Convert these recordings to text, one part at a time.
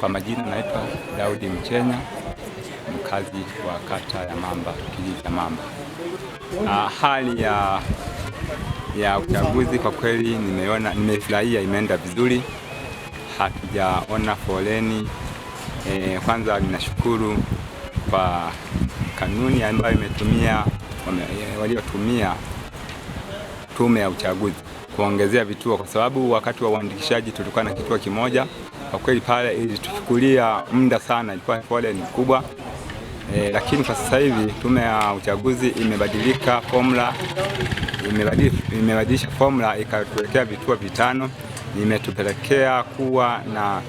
Kwa majina naitwa Daudi Mchenya, mkazi wa kata ya Mamba, kijiji cha Mamba. Uh, hali ya ya uchaguzi kwa kweli nimeona, nimefurahia, imeenda vizuri, hatujaona foleni e. Kwanza ninashukuru kwa kanuni ambayo imetumia waliotumia tume ya uchaguzi kuongezea vituo, kwa sababu wakati wa uandikishaji tulikuwa na kituo kimoja kwa kweli pale ilituchukulia muda sana, ilikuwa foleni ni kubwa e, lakini kwa sasa hivi tume ya uchaguzi imebadilika formula, imebadilisha formula ikatuwekea vituo vitano, imetupelekea kuwa na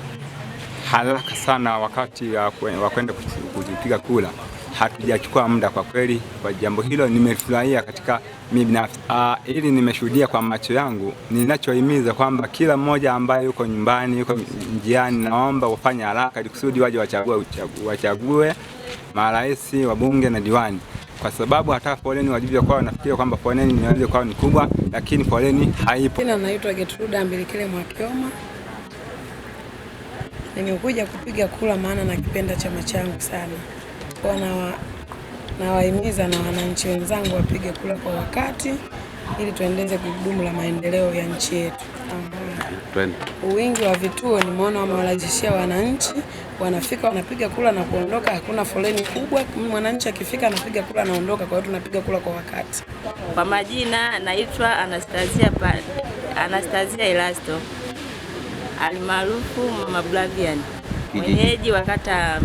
haraka sana wakati wa kwenda kupiga kura hatujachukua muda kwa kweli. Kwa jambo hilo nimefurahia katika mimi binafsi, ah, ili nimeshuhudia kwa macho yangu. Ninachohimiza kwamba kila mmoja ambaye yuko nyumbani, yuko njiani, naomba ufanye haraka ili kusudi waje wachague, wachague marais, wabunge na diwani, kwa sababu hata foleni walivyokuwa wanafikiria kwamba foleni inaweza kuwa ni kubwa, lakini foleni haipo. Jina naitwa Getruda Mbilikile Mwakioma. Nimekuja kupiga kura maana nakipenda chama changu sana. Kwa nawahimiza na wananchi na wenzangu wapige kura kwa wakati ili tuendeze gurudumu la maendeleo ya nchi yetu. Uwingi wa vituo nimeona wamewalaghishia wananchi, wanafika wanapiga kura na kuondoka, hakuna foleni kubwa. Mwananchi akifika anapiga kura anaondoka. Kwa hiyo tunapiga kura kwa wakati. Kwa majina naitwa Anastasia pa, Anastasia Elasto almaarufu Mama Blavian, mwenyeji wa kata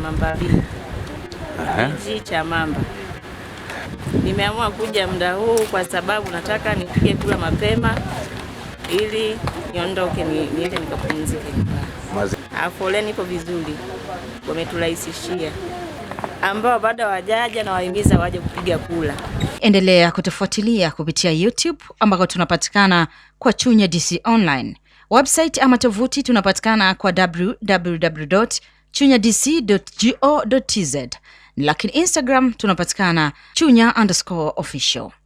kijiji cha Mamba. Nimeamua kuja muda huu kwa sababu nataka nipige kula mapema ili niondoke niende nikapumzike. Ah, foleni ipo vizuri, wameturahisishia ambao bado wajaja na wahimiza waje kupiga kula Endelea kutufuatilia kupitia YouTube ambako tunapatikana kwa Chunya DC Online website ama tovuti tunapatikana kwa www.chunyadc.go.tz lakini Instagram tunapatikana chunya underscore official.